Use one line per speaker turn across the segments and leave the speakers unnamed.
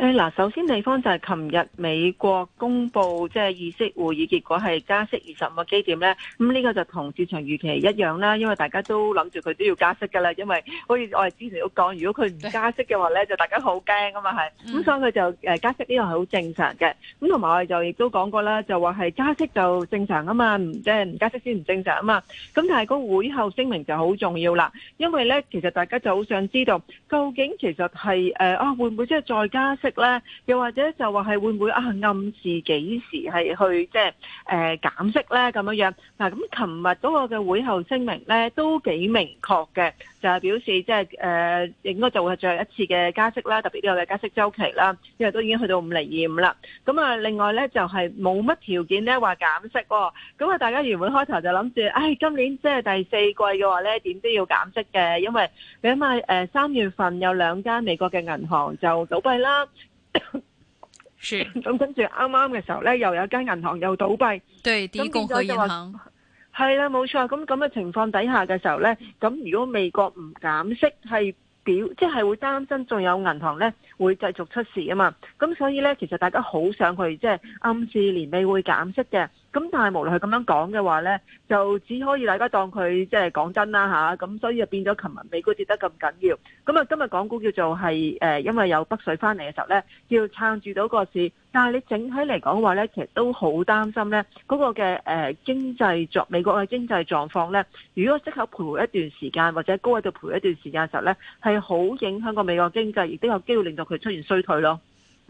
誒嗱，首先地方就係琴日美國公布即係議息會議結果係加息二十五個基點咧，咁呢個就同市場預期一樣啦，因為大家都諗住佢都要加息㗎啦，因為好似我哋之前都講，如果佢唔加息嘅話咧，就大家好驚啊嘛，係咁所以佢就誒加息呢個係好正常嘅，咁同埋我哋就亦都講過啦，就話係加息就正常啊嘛，即係唔加息先唔正常啊嘛，咁但係個會後聲明就好重要啦，因為咧其實大家就好想知道究竟其實係誒啊會唔會即係再加息？咧，又或者就話係會唔會啊暗示幾時係去即係誒減息咧，咁樣樣嗱，咁琴日嗰個嘅會後聲明咧都幾明確嘅，就係表示即係誒應該就會係最後一次嘅加息啦，特別呢個嘅加息週期啦，因為都已經去到五厘二五啦。咁啊，另外咧就係冇乜條件咧話減息喎，咁啊大家原本開頭就諗住，誒今年即係第四季嘅話咧，點都要減息嘅，因為你起碼誒三月份有兩間美國嘅銀行就倒閉啦。咁跟住啱啱嘅時候呢，又有間銀行又倒閉，對，啲共和銀行係啦，冇錯。咁咁嘅情況底下嘅時候呢，咁如果美國唔減息，係表即係會擔心，仲有銀行呢會繼續出事啊嘛。咁所以呢，其實大家好想去即係暗示年尾會減息嘅。咁但係無論係咁樣講嘅話咧，就只可以大家當佢即係講真啦吓，咁所以就變咗，琴日美股跌得咁緊要。咁啊，今日港股叫做係誒，因為有北水翻嚟嘅時候咧，要撐住到個市。但係你整體嚟講嘅話咧，其實都好擔心咧，嗰個嘅誒經濟狀美國嘅經濟狀況咧，如果適合徘徊一段時間或者高位度徘徊一段時間嘅時候咧，係好影響個美國經濟，亦都有機會令到佢出現衰退咯。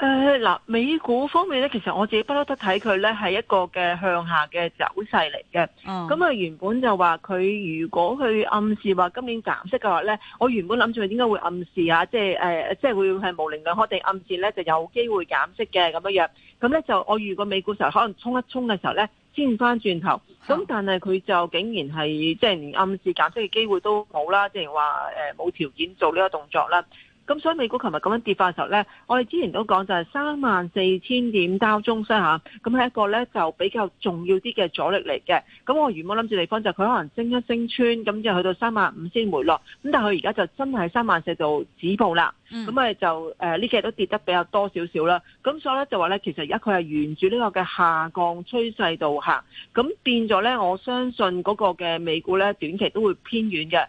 誒，嗱，美股方面咧，其實我自己不嬲都睇佢咧，係一個嘅向下嘅走勢嚟嘅。咁、嗯、啊，原本就話佢如果去暗示話今年減息嘅話咧，我原本諗住佢點解會暗示啊，即係誒、呃，即係會係無量兩可定暗示咧，就有機會減息嘅咁樣樣。咁、嗯、咧就我遇過美股時候，可能衝一衝嘅時候咧，先翻轉頭。咁、嗯、但係佢就竟然係即係連暗示減息嘅機會都冇啦，即係話誒冇條件做呢個動作啦。咁所以美股琴日咁樣跌法嘅時候咧，我哋之前都講就係三萬四千點交中線吓，咁、啊、係一個咧就比較重要啲嘅阻力嚟嘅。咁我原本諗住地方就佢可能升一升穿，咁就去到三萬五先回落。咁但係佢而家就真係三萬四度止步啦。咁、嗯、咪就誒呢、呃、幾日都跌得比較多少少啦。咁所以咧就話咧，其實而家佢係沿住呢個嘅下降趨勢度行，咁變咗咧，我相信嗰個嘅美股咧短期都會偏軟嘅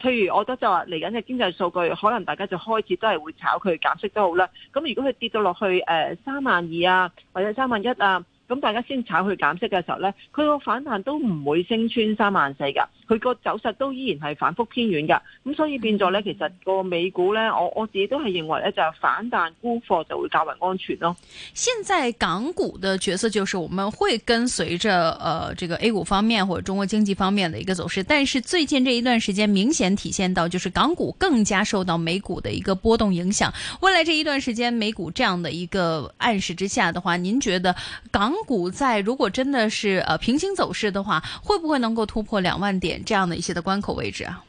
譬如我覺得就話嚟緊嘅經濟數據，可能大家就開始都係會炒佢減息都好啦。咁如果佢跌到落去誒三萬二啊，或者三萬一啊。咁大家先炒去減息嘅時候咧，佢個反彈都唔會升穿三萬四噶，佢個走勢都依然係反復偏軟噶，咁所以變咗咧，其實個美股咧，我我自己都係認為咧，就係、是、反
彈沽貨就會較為安全咯、哦。現在港股的角色就是，我們會跟隨着，呃，這個 A 股方面或者中國經濟方面的一個走勢，但是最近這一段時間明顯體現到，就是港股更加受到美股的一個波動影響。未來這一段時間，美股這樣的一個暗示之下的話，您覺得港？港股在如果真的是呃平行走勢的話，會不會能夠突破兩萬點這樣的一些的關口位置
啊？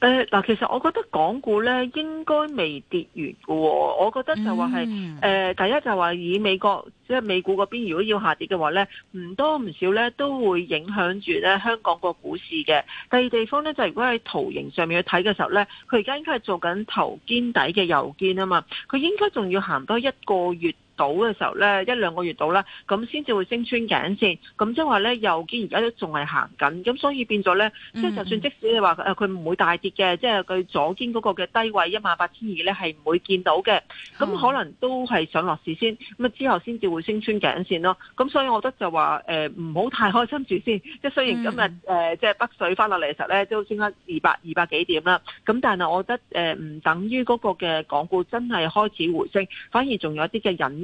誒，嗱，其實我覺得港股咧，應該未跌完嘅喎。我覺得就話係誒，第一就話以美國即係美股嗰邊，如果要下跌嘅話咧，唔多唔少咧都會影響住咧香港個股市嘅。第二地方咧，就如果喺圖形上面去睇嘅時候咧，佢而家應該係做緊頭肩底嘅右肩啊嘛，佢應該仲要行多一個月。到嘅時候咧，一兩個月到啦，咁先至會升穿頸線。咁即係話咧右肩而家都仲係行緊，咁所以變咗咧，即係、mm-hmm、就算即使你話誒佢唔會大跌嘅，即係佢左肩嗰個嘅低位一萬八千二咧係唔會見到嘅。咁可能都係上落市先，咁啊之後先至會升穿頸線咯。咁所以我覺得就話誒唔好太開心住先。即係雖然今日誒即係北水翻落嚟嘅時候咧都升得二百二百幾點啦，咁但係我覺得誒唔等於嗰個嘅港股真係開始回升，反而仲有啲嘅隱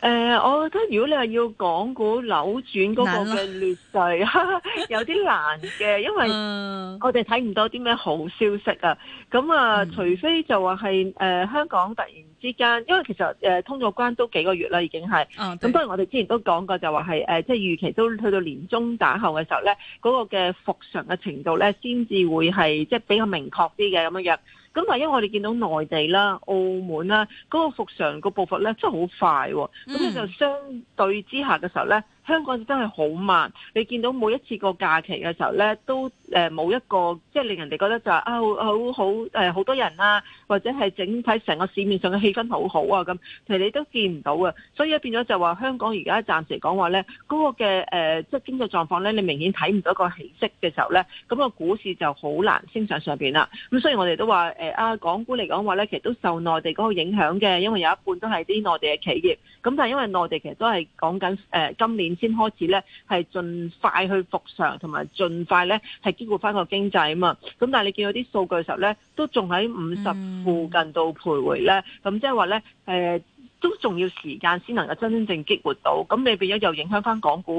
誒、呃，我覺得如果你話要港股扭轉嗰個嘅劣勢， 有啲難嘅，因為我哋睇唔到啲咩好消息啊。咁啊、嗯，除非就話係誒香港突然之間，因為其實誒、呃、通咗關都幾個月啦，已經係。咁、哦、當然我哋之前都講過就，就話係誒即係預期都去到年中打後嘅時候咧，嗰、那個嘅復常嘅程度咧，先至會係即係比較明確啲嘅咁樣樣。咁但因為我哋見到內地啦、澳門啦嗰、那個復常個步伐咧，真係好快，咁、嗯、咧就相對之下嘅時候咧。香港真係好慢，你見到每一次個假期嘅時候呢，都誒冇一個即係、就是、令人哋覺得就係、是、啊好好好好、呃、多人啦、啊，或者係整體成個市面上嘅氣氛好好啊咁，其實你都見唔到啊，所以變咗就話香港而家暫時講話呢，嗰、那個嘅誒即係經濟狀況呢，你明顯睇唔到一個起色嘅時候呢。咁、那個股市就好難升上上面啦。咁所以我哋都話誒啊，港股嚟講話呢，其實都受內地嗰個影響嘅，因為有一半都係啲內地嘅企業。咁但係因為內地其實都係講緊誒，今年先開始咧，係盡快去復常同埋盡快咧係激活翻個經濟啊嘛。咁但係你見到啲數據嘅時候咧，都仲喺五十附近度徘徊咧。咁即係話咧，誒、嗯就是、都仲要時間先能夠真正激活到。咁你變咗又影響翻港股，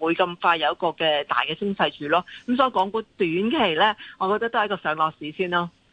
唔會咁快有一個嘅大嘅升勢住咯。咁所以港股短期咧，我覺得都係一個上落市先咯。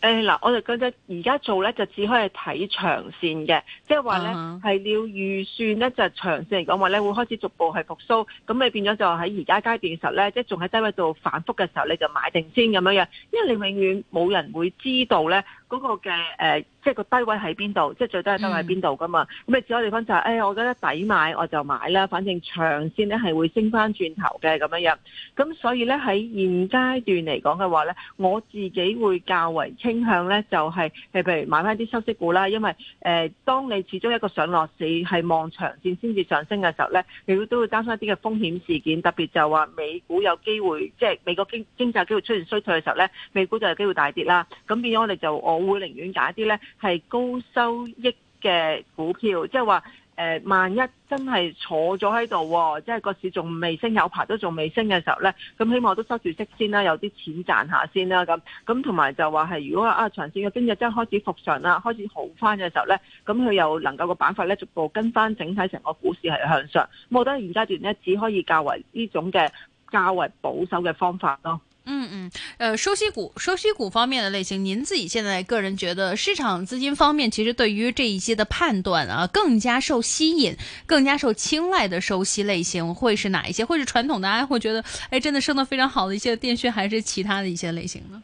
誒、哎，嗱，我就覺得而家做咧就只可以睇長線嘅，即係話咧係要預算咧就係、長線嚟講話咧會開始逐步係復甦，咁你變咗就喺而家階段嘅時候咧，即係仲喺低位度反復嘅時候，你就買定先咁樣樣，因為你永遠冇人會知道咧。嗰、那個嘅誒、呃，即係個低位喺邊度？即係最低係低喺邊度噶嘛？咁你只可以講就係、是，誒、哎，我覺得抵買我就買啦。反正長線咧係會升翻轉頭嘅咁樣樣。咁所以咧喺現階段嚟講嘅話咧，我自己會較為傾向咧，就係、是、誒，譬如買翻啲收息股啦。因為誒、呃，當你始終一個上落市係望長線先至上升嘅時候咧，你都會擔心一啲嘅風險事件，特別就話美股有機會，即、就、係、是、美國經經濟機會出現衰退嘅時候咧，美股就有機會大跌啦。咁變咗我哋就我會寧願揀啲咧係高收益嘅股票，即係話誒，萬一真係坐咗喺度，即係個市仲未升，有排都仲未升嘅時候咧，咁希望都收住息先啦、啊，有啲錢賺下先啦，咁咁同埋就話係如果啊長線嘅經濟真係開始復常啦，開始好翻嘅時候咧，咁佢又能夠個板塊咧逐步跟翻整體成個股市係向上，我覺得現階段咧只可以較為呢種嘅較為保守嘅
方法咯。嗯嗯，呃，收息股、收息股方面的類型，您自己現在個人覺得，市場資金方面其實對於這一些的判斷啊，更加受吸引、更加受青睞的收息類型會是哪一些？會是傳統的，還、哎、會覺得，哎，真的升得非常好的一些電訊，還是其他的一些類型呢？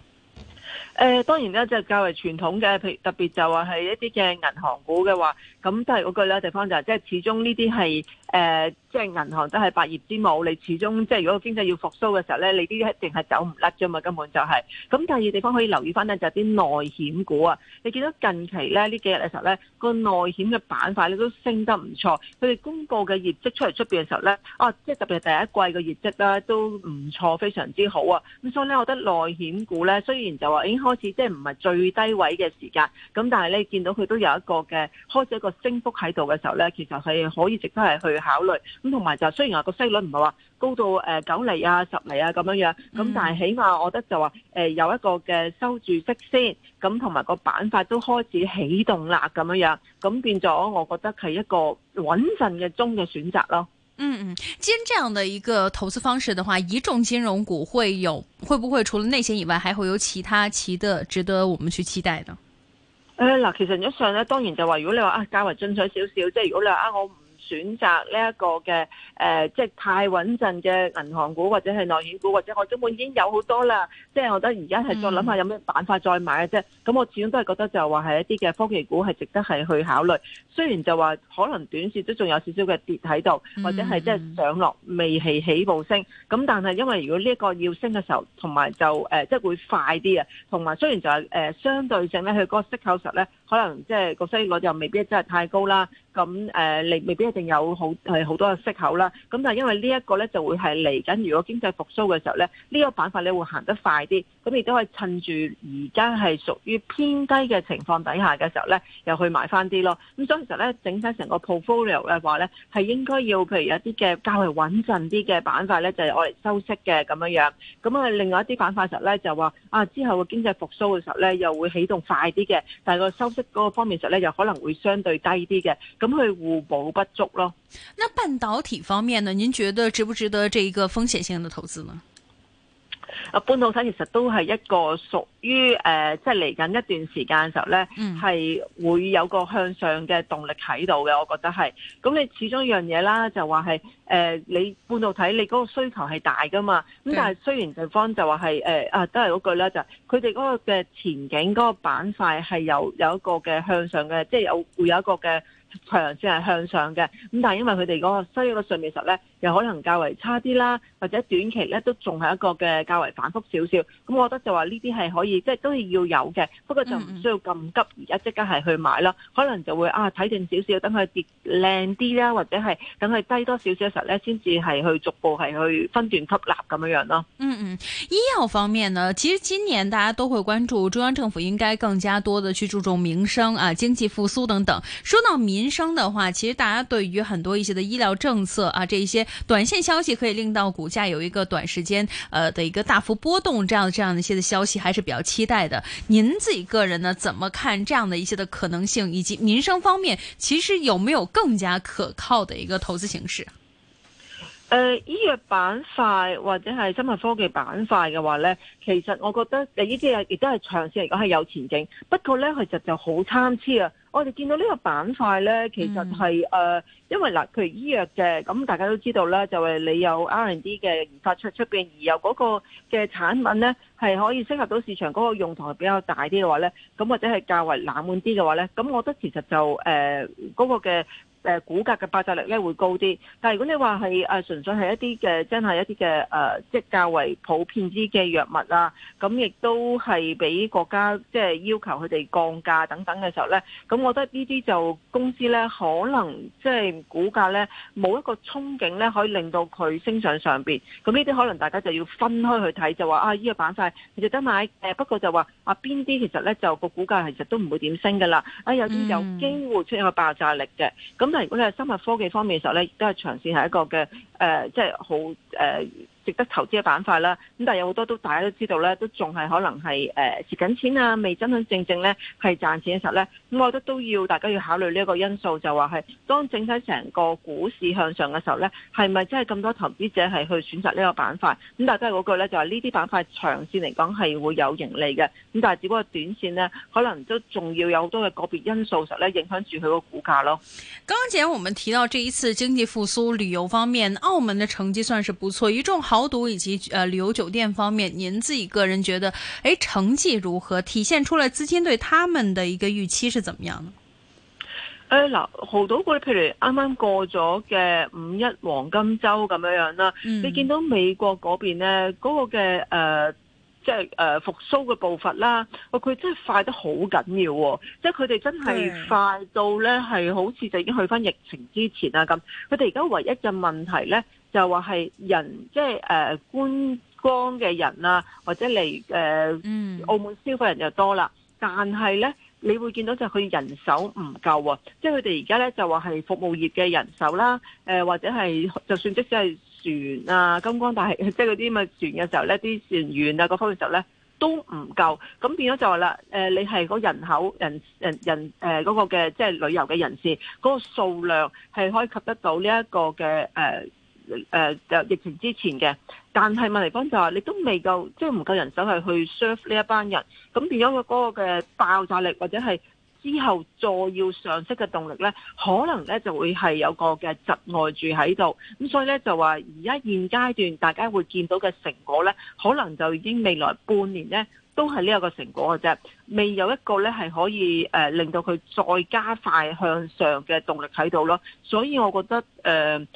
誒、呃，當然啦，就是、較為傳統嘅，譬如特別就話係一啲嘅銀行股嘅話，咁都係嗰句啦，地方就係即係始終呢啲係。誒、呃，即係銀行都係百業之母，你始終即係如果經濟要復甦嘅時候咧，你啲一定係走唔甩啫嘛，根本就係、是。咁第二地方可以留意翻呢，就啲、是、內險股啊。你見到近期咧呢幾日嘅時候呢，個內險嘅板塊咧都升得唔錯。佢哋公布嘅業績出嚟出邊嘅時候呢，啊，即係特別係第一季嘅業績啦，都唔錯，非常之好啊。咁所以呢，我覺得內險股呢，雖然就話已經開始即係唔係最低位嘅時間，咁但係呢，見到佢都有一個嘅開始一個升幅喺度嘅時候呢，其實係可以值得係去。考慮咁同埋就雖然話個息率唔係話高到誒九厘啊十厘啊咁樣樣，咁但係起碼我覺得就話誒有一個嘅收住息先，咁同埋個板塊都開始啟動啦咁樣樣，咁變咗我覺得係一個穩陣嘅
中嘅選擇咯。嗯嗯，既然這樣的一個投資方式的話，一眾金融股會有會不會除了內險以外，還會有其他其得值得我們去期待的？
誒、嗯、嗱，其實一上咧，當然就話如果你話啊較為進取少少，即係、就是、如果你話啊我。選擇呢一個嘅、呃、即太穩陣嘅銀行股或者係內險股，或者我根本已經有好多啦。即我覺得而家係再諗下有咩辦法再買嘅啫。咁、嗯、我始終都係覺得就話話係一啲嘅科技股係值得係去考慮。雖然就話可能短線都仲有少少嘅跌喺度、嗯，或者係即上落未起起步升。咁但係因為如果呢一個要升嘅時候，同埋就誒即係會快啲啊。同埋雖然就係、是呃、相對性咧，佢嗰個息口實咧。可能即係個收益率又未必真係太高啦，咁誒，你、呃、未必一定有好係好多嘅息口啦。咁但係因為這個呢一個咧，就會係嚟緊如果經濟復甦嘅時候咧，呢、這個板塊你會行得快啲。咁亦都可以趁住而家係屬於偏低嘅情況底下嘅時候咧，又去買翻啲咯。咁所以其實咧，整體成個 portfolio 嘅話咧，係應該要譬如有啲嘅較為穩陣啲嘅板塊咧，就係我嚟收息嘅咁樣樣。咁啊，另外一啲板塊時候咧就話啊，之後個經濟復甦嘅時候咧，又會啟動快啲嘅，
但係個收即嗰個方面，實咧又可能會相對低啲嘅，咁佢互補不足咯。那半導體方面呢？您覺得值不值得這一個風險性的投資呢？
啊，半導體其實都係一個屬於誒，即係嚟緊一段時間嘅時候咧，係、嗯、會有個向上嘅動力喺度嘅，我覺得係。咁你始終一樣嘢啦，就話係誒，你半導體你嗰個需求係大㗎嘛。咁但係雖然對方就話係誒啊，都係嗰句啦，就係佢哋嗰個嘅前景嗰個板塊係有有一個嘅向上嘅，即、就、係、是、有會有一個嘅長線係向上嘅。咁但係因為佢哋嗰個收益嘅上面實咧。又可能較為差啲啦，或者短期咧都仲係一個嘅較為反覆少少，咁我覺得就話呢啲係可以，即係都要有嘅，不過就唔需要咁急，而家即刻係去買啦、嗯嗯。可能就會啊睇定少少，等佢跌靚啲啦，或者係等佢低多少少嘅時候咧，先至係去逐步係去分段吸納咁樣樣咯。嗯
嗯，醫藥方面呢，其實今年大家都會關注中央政府應該更加多嘅去注重民生啊、經濟復甦等等。說到民生嘅話，其實大家對於很多一些的醫療政策啊，這一些。短線消息可以令到股價有一個短時間呃的一個大幅波動，這樣這樣的一些的消息還是比較期待的。您自己個人呢，怎麼看這樣的一些的可能性，以及民生方面，其實有沒有更加可靠的一個投資形式？
呃，醫藥板塊或者係生物科技板塊嘅話呢，其實我覺得呃呢啲啊亦都係長線嚟講係有前景，不過呢，其實就好參差啊。我哋見到呢個板塊呢，其實係誒、嗯呃，因為嗱，譬如醫藥嘅，咁大家都知道啦，就係、是、你有 R&D 嘅研發出出邊，而有嗰個嘅產品呢，係可以適合到市場嗰個用途係比較大啲嘅話呢，咁或者係較為冷門啲嘅話呢，咁我覺得其實就誒嗰、呃嗰個嘅。誒股價嘅爆炸力咧會高啲，但如果你話係純粹係一啲嘅真係一啲嘅誒，即係較為普遍啲嘅藥物啊，咁亦都係俾國家即係要求佢哋降價等等嘅時候咧，咁我覺得呢啲就公司咧可能即係股價咧冇一個憧憬咧，可以令到佢升上上邊。咁呢啲可能大家就要分開去睇，就話啊呢個板塊你就得買，不過就話啊邊啲其實咧就個股價其實都唔會點升㗎啦。啊有啲有機會出現一個爆炸力嘅，咁。咁如果你係生物科技方面嘅時候咧，亦都係長線係一個嘅，即係好值得投資嘅板塊啦，咁但係有好多都大家都知道咧，都仲係可能係誒蝕緊錢啊，未真真正正咧係賺錢嘅時候咧，咁我覺得都要大家要考慮呢一個因素，就話係當整體成個股市向上嘅時候咧，係咪真係咁多投資者係去選擇呢個板塊？咁但係嗰句咧就係呢啲板塊長線嚟講係會有盈利嘅，咁但係只不過短線呢，可能都仲
要有好多嘅個別因素實咧影響住佢個股價咯。剛剛之前我們提到這一次經濟復甦，旅遊方面澳門嘅成績算是不錯，一眾好豪賭以及誒旅遊酒店方面，您自己個人覺得，誒成績如何？體現出嚟資金對他們的一個預期是怎麼樣呢？誒、
呃、嗱，豪賭嗰啲譬如啱啱過咗嘅五一黃金周咁樣樣啦、嗯，你見到美國嗰邊呢，嗰、那個嘅誒、呃、即係誒復甦嘅步伐啦，我、呃、佢真係快得好緊要，即係佢哋真係快到呢，係好似就已經去翻疫情之前啦咁，佢哋而家唯一嘅問題呢。就話係人即係誒觀光嘅人啊，或者嚟誒、呃、澳門消費人又多啦。但係咧，你會見到就佢人手唔夠喎、啊。即係佢哋而家咧就話、是、係服務業嘅人手啦、啊，誒、呃、或者係就算即使係船啊、金光大但即係嗰啲咁嘅船嘅時候咧，啲船員啊嗰方面嘅時候咧都唔夠。咁變咗就話啦，誒、呃、你係嗰人口人人人誒嗰、呃那個嘅即係旅遊嘅人士嗰、那個數量係可以及得到呢一個嘅誒。呃誒、呃、疫情之前嘅，但係問題方就話你都未夠，即係唔夠人手係去 serve 呢一班人，咁變咗個嗰個嘅爆炸力或者係之後再要上升嘅動力咧，可能咧就會係有個嘅窒礙住喺度，咁所以咧就話而家現階段大家會見到嘅成果咧，可能就已經未來半年咧都係呢一個成果嘅啫，未有一個咧係可以誒、呃、令到佢再加快向上嘅動力喺度咯，所以我覺得誒。呃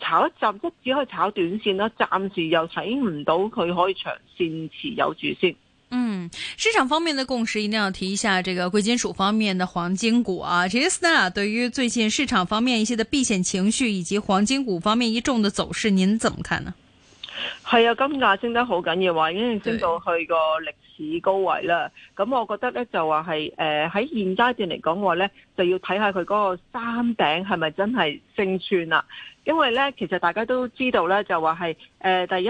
炒一陣即只可以炒短綫啦，暫時又睇唔到佢可以長綫持有住先。嗯，
市場方面的共識一定要提一下，這個貴金屬方面的黃金股啊，其實 a 對於最近市場方面一些的避險情緒以及黃金股方面一眾的走勢，您怎麼看呢？
係啊，金價升得好緊要，話已經升到去個歷史高位啦。咁、嗯、我覺得呢，就話係誒喺現階段嚟講話呢，就要睇下佢嗰個山頂係咪真係勝算啦。因為咧，其實大家都知道咧，就話係誒第一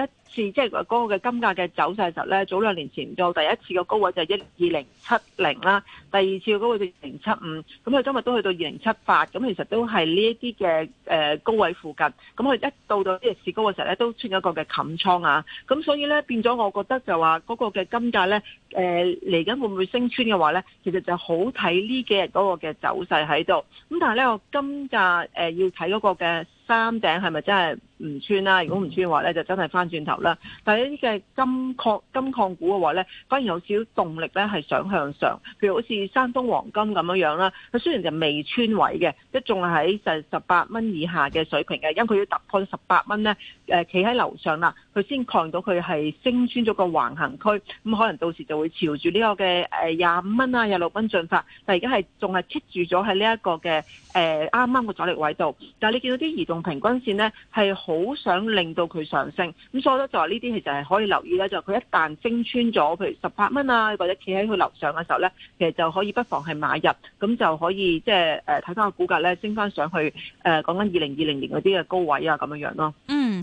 次即係嗰個嘅金價嘅走勢時咧，早兩年前到第一次嘅高位就係一二零七零啦，第二次嘅高位就二零七五，咁佢今日都去到二零七八，咁其實都係呢一啲嘅誒高位附近，咁佢一到到逆市高嘅時候咧，都出現一個嘅冚倉啊，咁所以咧變咗，我覺得就話嗰個嘅金價咧。誒嚟緊會唔會升穿嘅話咧，其實就好睇呢幾日嗰個嘅走勢喺度。咁但係咧，我金價誒要睇嗰個嘅三頂係咪真係唔穿啦、嗯？如果唔穿嘅話咧，就真係翻轉頭啦。但係呢啲嘅金礦金礦股嘅話咧，反而有少少動力咧係想向上。譬如好似山東黃金咁樣啦，佢雖然就未穿位嘅，一仲喺就十八蚊以下嘅水平嘅，因為佢要突破十八蚊咧。誒企喺樓上啦，佢先抗到佢係升穿咗個橫行區，咁、嗯、可能到時就會朝住呢個嘅誒廿五蚊啊、廿六蚊進發，但係而家係仲係棘住咗喺呢一個嘅誒啱啱嘅阻力位度。但係你見到啲移動平均線呢，係好想令到佢上升，咁、嗯、所以我覺得就話呢啲其實係可以留意啦，就佢、是、一旦升穿咗，譬如十八蚊啊，或者企喺佢樓上嘅時候呢，其實就可以不妨係買入，咁就可以即係誒睇翻個股價呢，升翻上去誒，講緊二零二零年嗰啲嘅高位啊咁樣樣咯。嗯。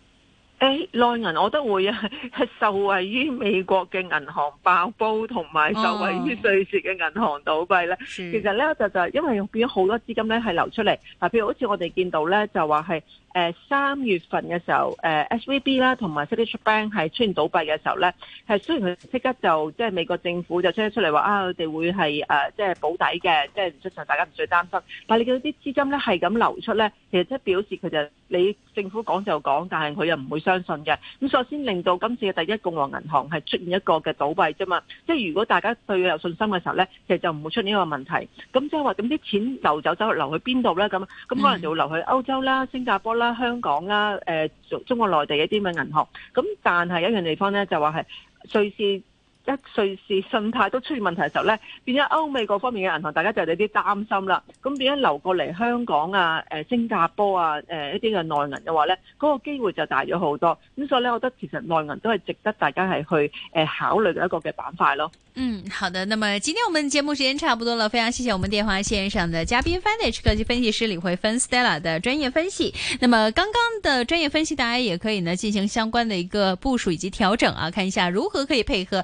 誒、哎、內銀我都會啊，受惠於美國嘅銀行爆煲，同埋受惠於瑞士嘅銀行倒閉咧。Oh. 其實咧就就是、因為變咗好多資金咧係流出嚟，嗱，譬如好似我哋見到咧就話係誒三月份嘅時候，誒 S V B 啦同埋 City Bank 係出現倒閉嘅時候咧，係雖然佢即刻就即係美國政府就出咗出嚟話啊，佢哋會係、呃、即係保底嘅，即係唔出場，大家唔需要擔心。但係你見到啲資金咧係咁流出咧，其實即係表示佢就。你政府講就講，但係佢又唔會相信嘅。咁首先令到今次嘅第一共和銀行係出現一個嘅倒閉啫嘛。即係如果大家對佢有信心嘅時候咧，其實就唔會出呢個問題。咁即係話咁啲錢流走走去流去邊度咧？咁咁可能就會流去歐洲啦、新加坡啦、香港啦、誒、呃、中中國內地嘅一啲咁嘅銀行。咁但係一樣地方咧就話係瑞士。一瑞士信貸都出現問題嘅時候咧，變咗歐美各方面嘅銀行，大家就有啲擔心啦。咁變咗流過嚟香港啊、誒、呃、新加坡啊、誒一啲嘅內銀嘅話呢嗰、那個機會就大咗好多。咁所以呢，我覺得其實內銀都係值得大家係去誒、呃、考慮嘅一個嘅板塊咯。嗯，
好的。那麼今天我們節目時間差不多了，非常謝謝我們電話線上的嘉賓 Fintech 科技分析師李慧芬 Stella 嘅專業分析。那麼剛剛的專業分析，大家也可以呢進行相關的一個部署以及調整啊，看一下如何可以配合